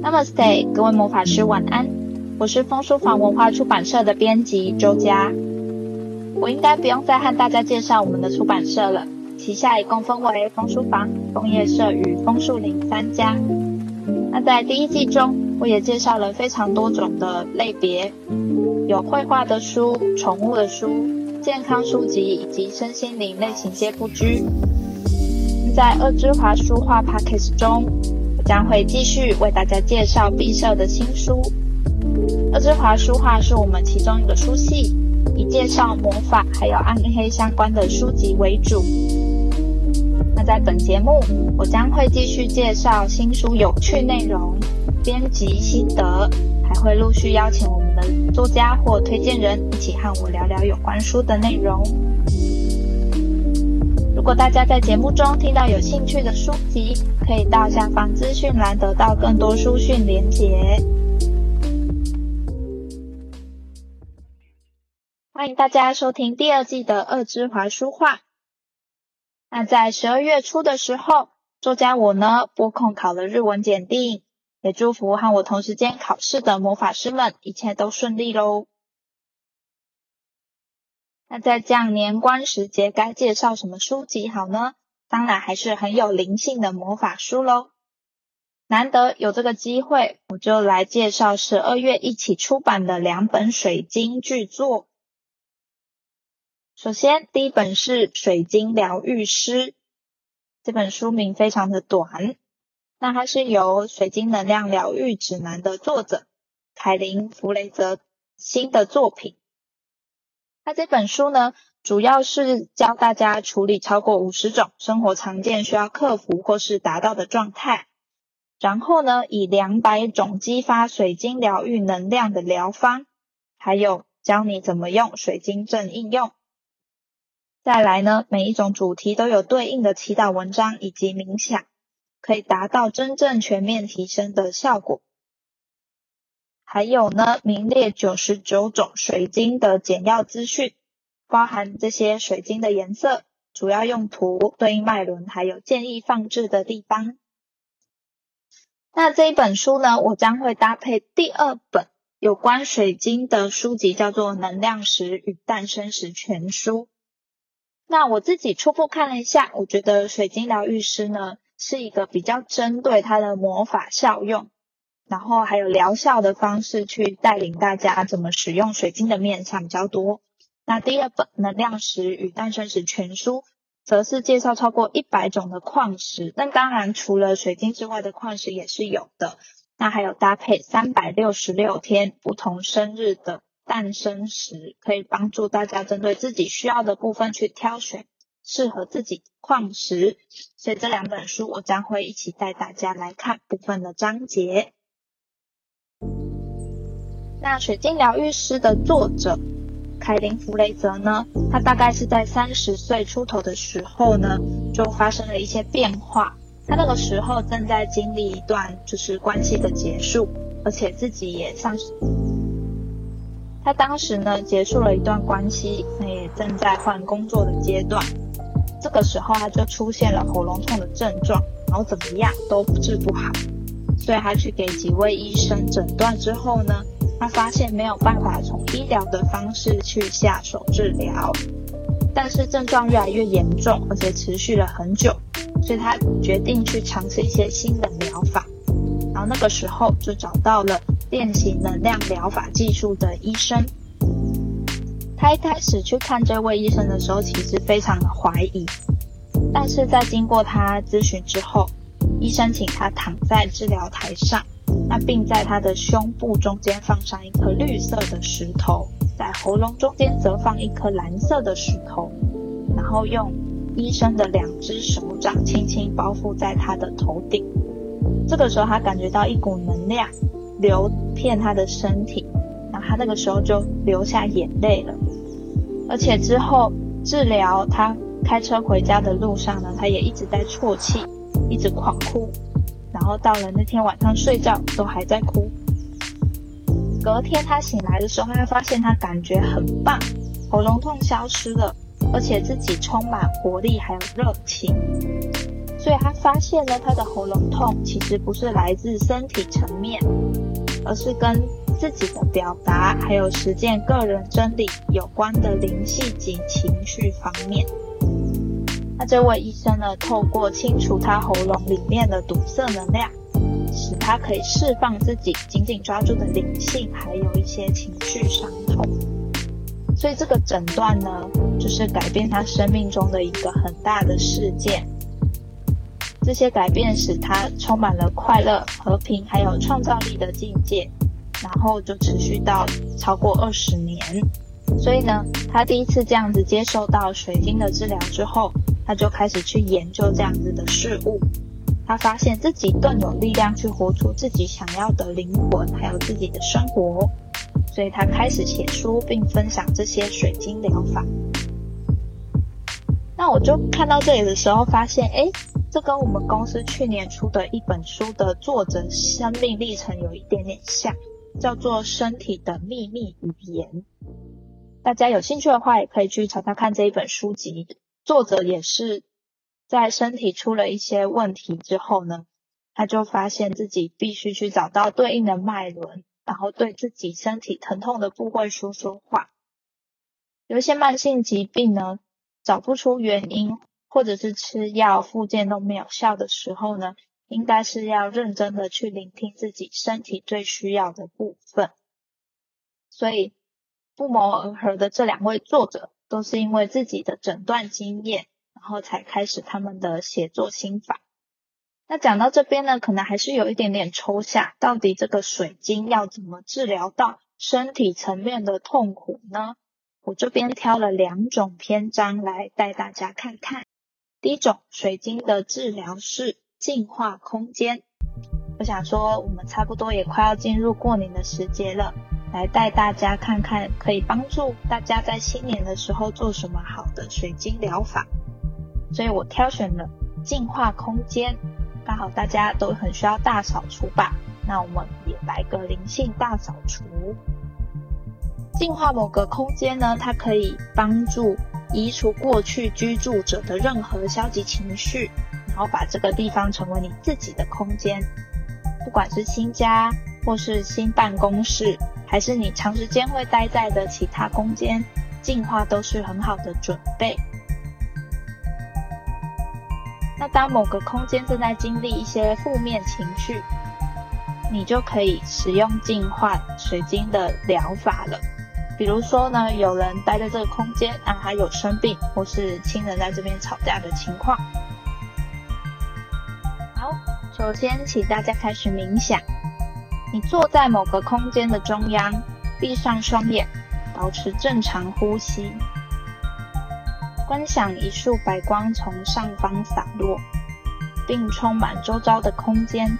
Namaste，各位魔法師晚安。我是楓書坊文化出版社的編輯周佳。我應該不用再和大家介紹我們的出版社了，旗下一共分為楓書坊、楓葉社與楓樹林三家。那在第一季中，我也介紹了非常多種的類別，有繪畫的書、寵物的書、健康書籍以及身心靈類型皆不拘。在惡之華書話 Podcast 中，我將會繼續為大家介紹敝社的新書。惡之華書話是我們其中一個書系，以介紹魔法還有暗黑相關的書籍為主。那在本節目，我將會繼續介紹新書有趣內容、編輯心得，還會陸續邀請我們的作家或推薦人一起和我聊聊有關書的內容。如果大家在節目中聽到有興趣的書籍，可以到下方資訊欄得到更多書訊連結。歡迎大家收聽第二季的《惡之華書話》。那在十二月初的時候，周佳我呢撥空考了日文檢定，也祝福和我同時間考試的魔法師們一切都順利嘍。那在這樣年關時節，該介紹什麼書籍好呢？當然還是很有靈性的魔法書嘍。難得有這個機會，我就來介紹十二月一起出版的兩本水晶巨作。首先，第一本是《水晶療癒師》。這本書名非常的短。那它是由《水晶能量療癒指南》的作者凱琳·弗雷澤新的作品。那這本書呢，主要是教大家處理超過五十種生活常見需要克服或是達到的狀態。然後呢，以兩百種激發水晶療癒能量的療方，還有教你怎麼用水晶陣應用。再來呢，每一種主題都有對應的祈禱文章以及冥想，可以達到真正全面提升的效果。還有呢，名列九十九種水晶的簡要資訊，包含這些水晶的顏色、主要用途、對應脈輪，還有建議放置的地方。那這一本書呢，我將會搭配第二本有關水晶的書籍，叫做《能量石與誕生石全書》。那我自己初步看了一下，我覺得《水晶療癒師》呢，是一個比較針對它的魔法效用。然後還有療效的方式去帶領大家怎麼使用水晶的面向比較多。那第二本《能量石與誕生石全書》則是介紹超過一百種的礦石。那當然除了水晶之外的礦石也是有的。那還有搭配三百六十六天不同生日的誕生石，可以幫助大家針對自己需要的部分去挑選適合自己的礦石。所以這兩本書我將會一起帶大家來看部分的章節。那《水晶療癒師》的作者凱琳·弗雷澤呢，他大概是在三十歲出頭的時候呢，就發生了一些變化。他那個時候正在經歷一段就是關係的結束，而且自己也上，他當時呢，結束了一段關係，也正在換工作的階段。這個時候，他就出現了喉嚨痛的症狀，然後怎麼樣都治不好，所以他去給幾位醫生診斷之後呢？他發現沒有辦法從醫療的方式去下手治療，但是症狀越來越嚴重，而且持續了很久，所以他決定去嘗試一些新的療法。然後那個時候就找到了練習能量療法技術的醫生。他一開始去看這位醫生的時候，其實非常的懷疑，但是在經過他諮詢之後，醫生請他躺在治療臺上。他並在他的胸部中間放上一顆綠色的石頭，在喉嚨中間則放一顆藍色的石頭，然後用醫生的兩隻手掌輕輕包覆在他的頭頂。這個時候他感覺到一股能量流遍他的身體，然後他那個時候就流下眼淚了。而且之後治療他開車回家的路上呢，他也一直在啜泣，一直狂哭。然後到了那天晚上睡覺都還在哭。隔天他醒來的時候，他發現他感覺很棒，喉嚨痛消失了，而且自己充滿活力還有熱情。所以，他發現了他的喉嚨痛其實不是來自身體層面，而是跟自己的表達還有實踐個人真理有關的靈性及情緒方面。這位醫生呢，透過清除他喉嚨裡面的堵塞能量，使他可以釋放自己緊緊抓住的靈性，還有一些情緒傷痛。所以這個診斷呢，就是改變他生命中的一個很大的事件。這些改變使他充滿了快樂、和平，還有創造力的境界，然後就持續到超過二十年。所以呢，他第一次這樣子接受到水晶的治療之後。他就開始去研究這樣子的事物，他發現自己更有力量去活出自己想要的靈魂，還有自己的生活，所以他開始寫書並分享這些水晶療法。那我就看到這裡的時候，發現，誒，這跟我們公司去年出的一本書的作者生命歷程有一點點像，叫做《身體的秘密語言》。大家有興趣的話，也可以去查查看這一本書籍。作者也是在身體出了一些問題之後呢，他就發現自己必須去找到對應的脈輪，然後對自己身體疼痛的部位說說話。有一些慢性疾病呢，找不出原因，或者是吃藥、復健都沒有效的時候呢，應該是要認真的去聆聽自己身體最需要的部分。所以，不謀而合的這兩位作者。都是因為自己的診斷經驗，然後才開始他們的寫作心法。那講到這邊呢，可能還是有一點點抽象，到底這個水晶要怎麼治療到身體層面的痛苦呢？我這邊挑了兩種篇章來帶大家看看。第一種，水晶的治療是淨化空間。我想說，我們差不多也快要進入過年的時節了。來帶大家看看，可以幫助大家在新年的時候做什麼好的水晶療法。所以我挑選了淨化空間，剛好大家都很需要大掃除吧？那我們也來個靈性大掃除。淨化某個空間呢，它可以幫助移除過去居住者的任何消極情緒，然後把這個地方成為你自己的空間，不管是新家或是新辦公室，還是你長時間會待在的其他空間，淨化都是很好的準備。那當某個空間正在經歷一些負面情緒，你就可以使用淨化水晶的療法了。比如說呢，有人待在這個空間，那他有生病，或是親人在這邊吵架的情況。好，首先請大家開始冥想。你坐在某個空間的中央，閉上雙眼，保持正常呼吸，觀想一束白光從上方灑落，並充滿周遭的空間，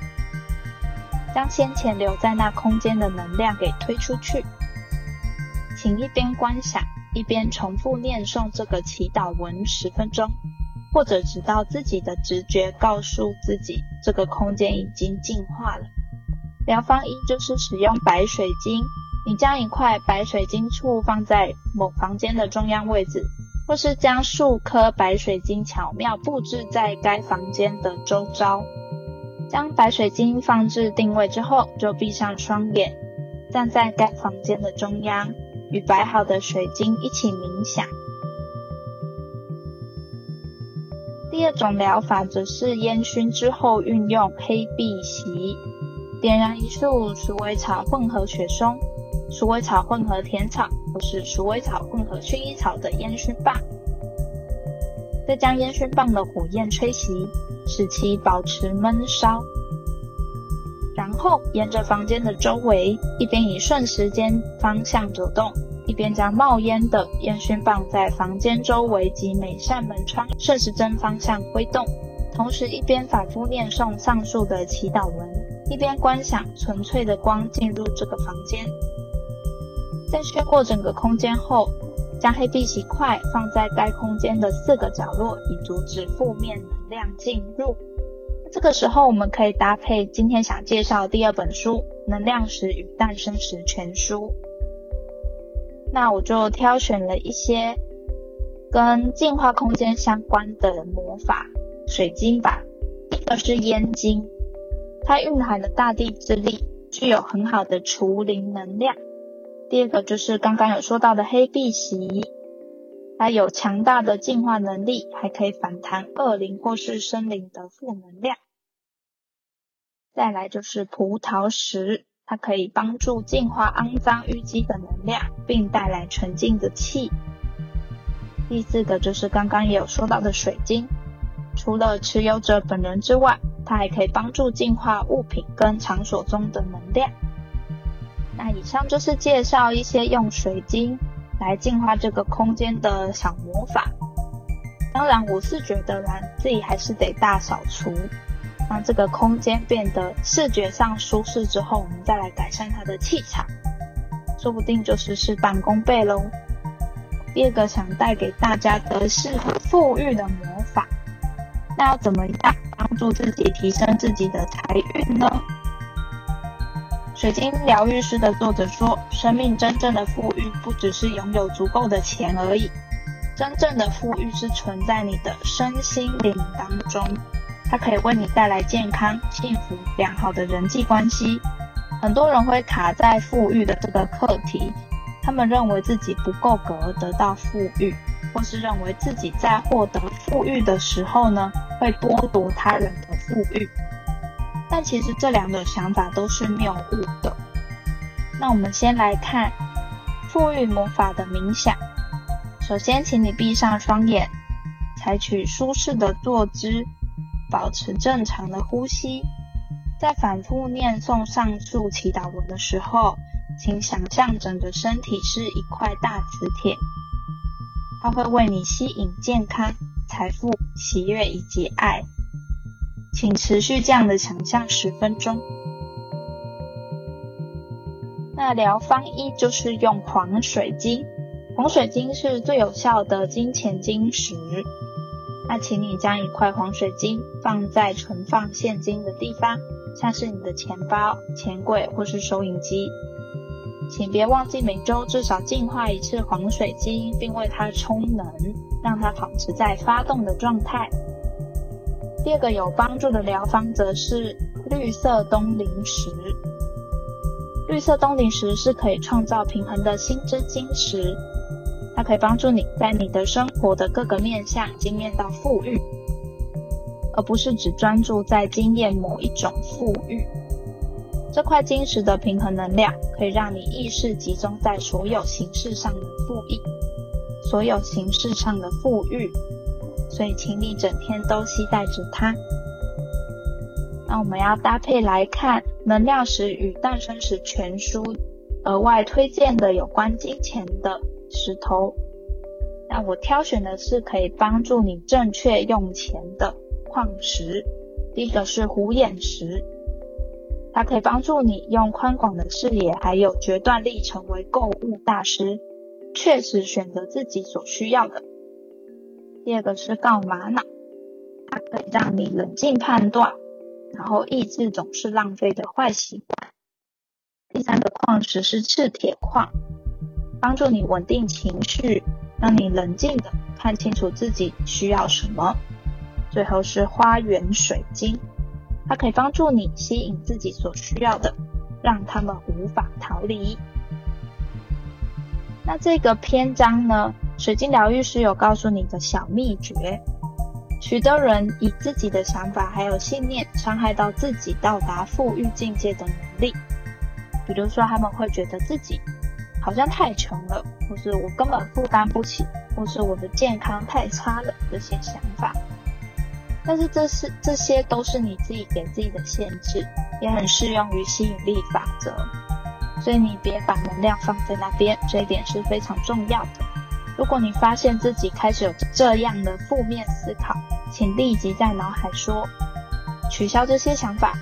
將先前留在那空間的能量給推出去。請一邊觀想，一邊重複念誦這個祈禱文十分鐘，或者直到自己的直覺告訴自己，這個空間已經淨化了。療方一就是使用白水晶，你將一塊白水晶簇放在某房間的中央位置，或是將數顆白水晶巧妙佈置在該房間的周遭。將白水晶放置定位之後，就閉上雙眼，站在該房間的中央，與擺好的水晶一起冥想。第二種療法則是煙燻之後運用黑碧璽。點燃一束鼠尾草混合雪松、鼠尾草混合甜草，或是鼠尾草混合薰衣草的煙燻棒，再將煙燻棒的火焰吹熄，使其保持悶燒。然後沿着房間的周圍，一邊以順時針方向走動，一邊將冒煙的煙燻棒在房間周圍及每扇門窗順時針方向揮動，同時一邊反復念誦上述的祈禱文。一邊觀想純粹的光進入這個房間，在穿過整個空間後，將黑碧璽塊放在該空間的四個角落，以阻止負面能量進入。這個時候，我們可以搭配今天想介紹的第二本書《能量石與誕生石全書》。那我就挑選了一些跟淨化空間相關的魔法水晶吧，一個是煙晶。它蘊含了大地之力，具有很好的除靈能量。第二個就是剛剛有說到的黑碧璽，它有強大的淨化能力，還可以反彈惡靈或是生靈的負能量。再來就是葡萄石，它可以幫助淨化骯髒淤積的能量，並帶來純淨的氣。第四個就是剛剛也有說到的水晶。除了持有者本人之外，它還可以幫助淨化物品跟場所中的能量。那以上就是介紹一些用水晶來淨化這個空間的小魔法。當然我是覺得呢，我視覺的人自己還是得大掃除，讓這個空間變得視覺上舒適之後，我們再來改善它的氣場，說不定就是事半功倍嘍。第二個想帶給大家的是富裕的魔法。那要怎麼樣幫助自己提升自己的財運呢？水晶療癒師的作者說，生命真正的富裕不只是擁有足夠的錢而已，真正的富裕是存在你的身心靈當中，它可以為你帶來健康、幸福、良好的人際關係。很多人會卡在富裕的這個課題，他們認為自己不夠格而得到富裕，或是認為自己在獲得富裕的時候呢，會剝奪他人的富裕，但其實這兩種想法都是謬誤的。那我們先來看富裕魔法的冥想。首先，請你閉上雙眼，採取舒適的坐姿，保持正常的呼吸。在反覆念誦上述祈禱文的時候，請想象整個身體是一塊大磁鐵，它會為你吸引健康。財富、喜悅以及愛，請持續這樣的想象十分鐘。那療方一就是用黃水晶，黃水晶是最有效的金錢晶石。那請你將一塊黃水晶放在存放現金的地方，像是你的錢包、錢櫃或是收銀機。請別忘記每週至少淨化一次黃水晶，並為它充能，讓它保持在發動的狀態。第二個有幫助的療方則是綠色東陵石。綠色東陵石是可以創造平衡的心之晶石，它可以幫助你在你的生活的各個面向經驗到富裕，而不是只專注在經驗某一種富裕。這塊晶石的平衡能量可以讓你意識集中在所有形式上的富裕，所有形式上的富裕。所以，請你整天都攜帶着它。那我們要搭配來看能量石與誕生石全書額外推薦的有關金錢的石頭。那我挑選的是可以幫助你正確用錢的礦石。第一個是虎眼石。它可以幫助你用寬廣的視野，還有決斷力，成為購物大師，確實選擇自己所需要的。第二個是縞瑪瑙，它可以讓你冷靜判斷，然後抑制總是浪費的壞習慣。第三個礦石是赤鐵礦，幫助你穩定情緒，讓你冷靜地看清楚自己需要什麼。最後是花園水晶。它可以幫助你吸引自己所需要的，讓他們無法逃離。那這個篇章呢，水晶療癒師有告訴你的小祕訣。許多人以自己的想法還有信念傷害到自己到達富裕境界的能力。比如說，他們會覺得自己好像太窮了，或是我根本負擔不起，或是我的健康太差了，這些想法。但是這是這些都是你自己給自己的限制，也很適用於吸引力法則。所以你別把能量放在那邊，這一點是非常重要的。如果你發現自己開始有這樣的負面思考，請立即在腦海說：“取消這些想法。”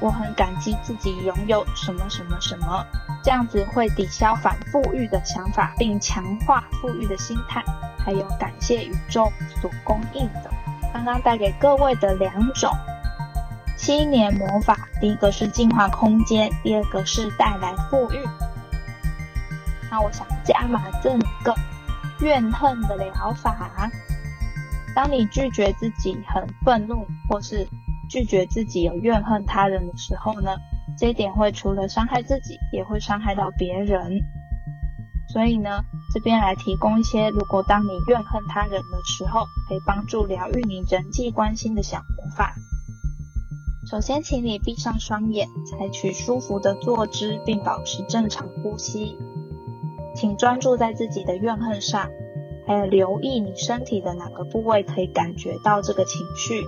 我很感激自己擁有什麼什麼什麼，這樣子會抵消反富裕的想法，並強化富裕的心態。還有感謝宇宙所供應的。剛剛帶給各位的兩種新年魔法，第一個是淨化空間，第二個是帶來富裕。那我想加碼這個怨恨的療法。當你拒絕自己很憤怒，或是拒絕自己有怨恨他人的時候呢，這一點會除了傷害自己，也會傷害到別人。所以呢，這邊來提供一些，如果當你怨恨他人的時候，可以幫助療癒你人際關係的小魔法。首先，請你閉上雙眼，採取舒服的坐姿，並保持正常呼吸。請專注在自己的怨恨上，還有留意你身體的哪個部位可以感覺到這個情緒。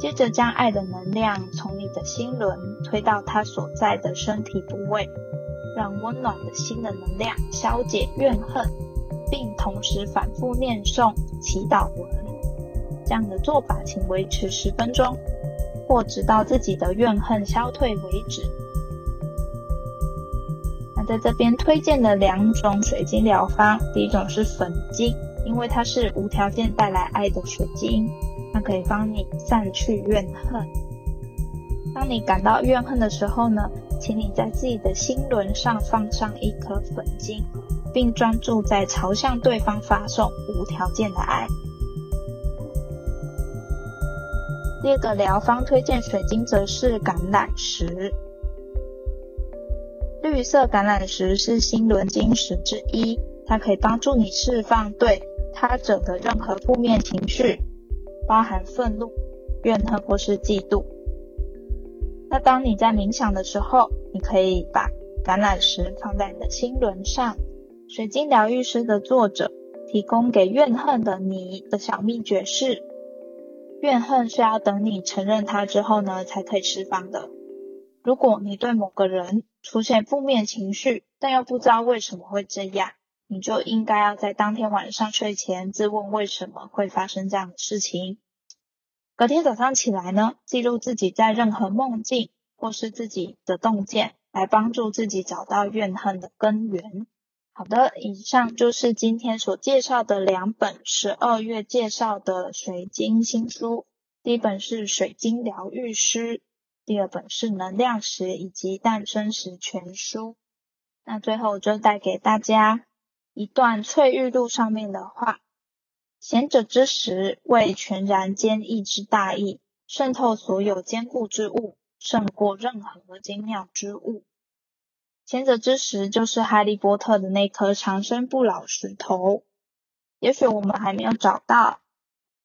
接着，將愛的能量從你的心輪推到它所在的身體部位。讓溫暖的心的能量消解怨恨，並同時反復念誦祈禱文。這樣的做法，請維持十分鐘，或直到自己的怨恨消退為止。那在這邊推薦的兩種水晶療方，第一種是粉晶，因為它是無條件帶來愛的水晶，它可以幫你散去怨恨。當你感到怨恨的時候呢，請你在自己的心輪上放上一顆粉晶，並專注在朝向對方發送無條件的愛。第二個療方推薦水晶則是橄欖石。綠色橄欖石是心輪晶石之一，它可以幫助你釋放對他者的任何負面情緒，包含憤怒、怨恨或是嫉妒。那當你在冥想的時候，你可以把橄欖石放在你的心輪上。水晶療癒師的作者提供給怨恨的你的小祕訣是：怨恨是要等你承認它之後呢，才可以釋放的。如果你對某個人出現負面情緒，但又不知道為什麼會這樣，你就應該要在當天晚上睡前自問為什麼會發生這樣的事情。隔天早上起來呢，記錄自己在任何夢境或是自己的洞見，來幫助自己找到怨恨的根源。好的，以上就是今天所介紹的兩本十二月介紹的水晶新書，第一本是《水晶療癒師》，第二本是《能量石以及誕生石全書》。那最後就帶給大家一段翠玉錄上面的話。賢者之石為全然堅毅之大義，滲透所有堅固之物，勝過任何精妙之物。賢者之石就是哈利波特的那顆長生不老石頭，也許我們還沒有找到，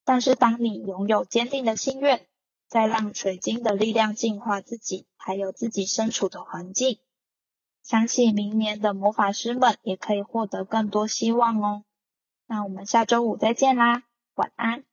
但是當你擁有堅定的心願，再讓水晶的力量淨化自己，還有自己身處的環境，相信明年的魔法師們也可以獲得更多希望哦。那我們下週五再見啦，晚安。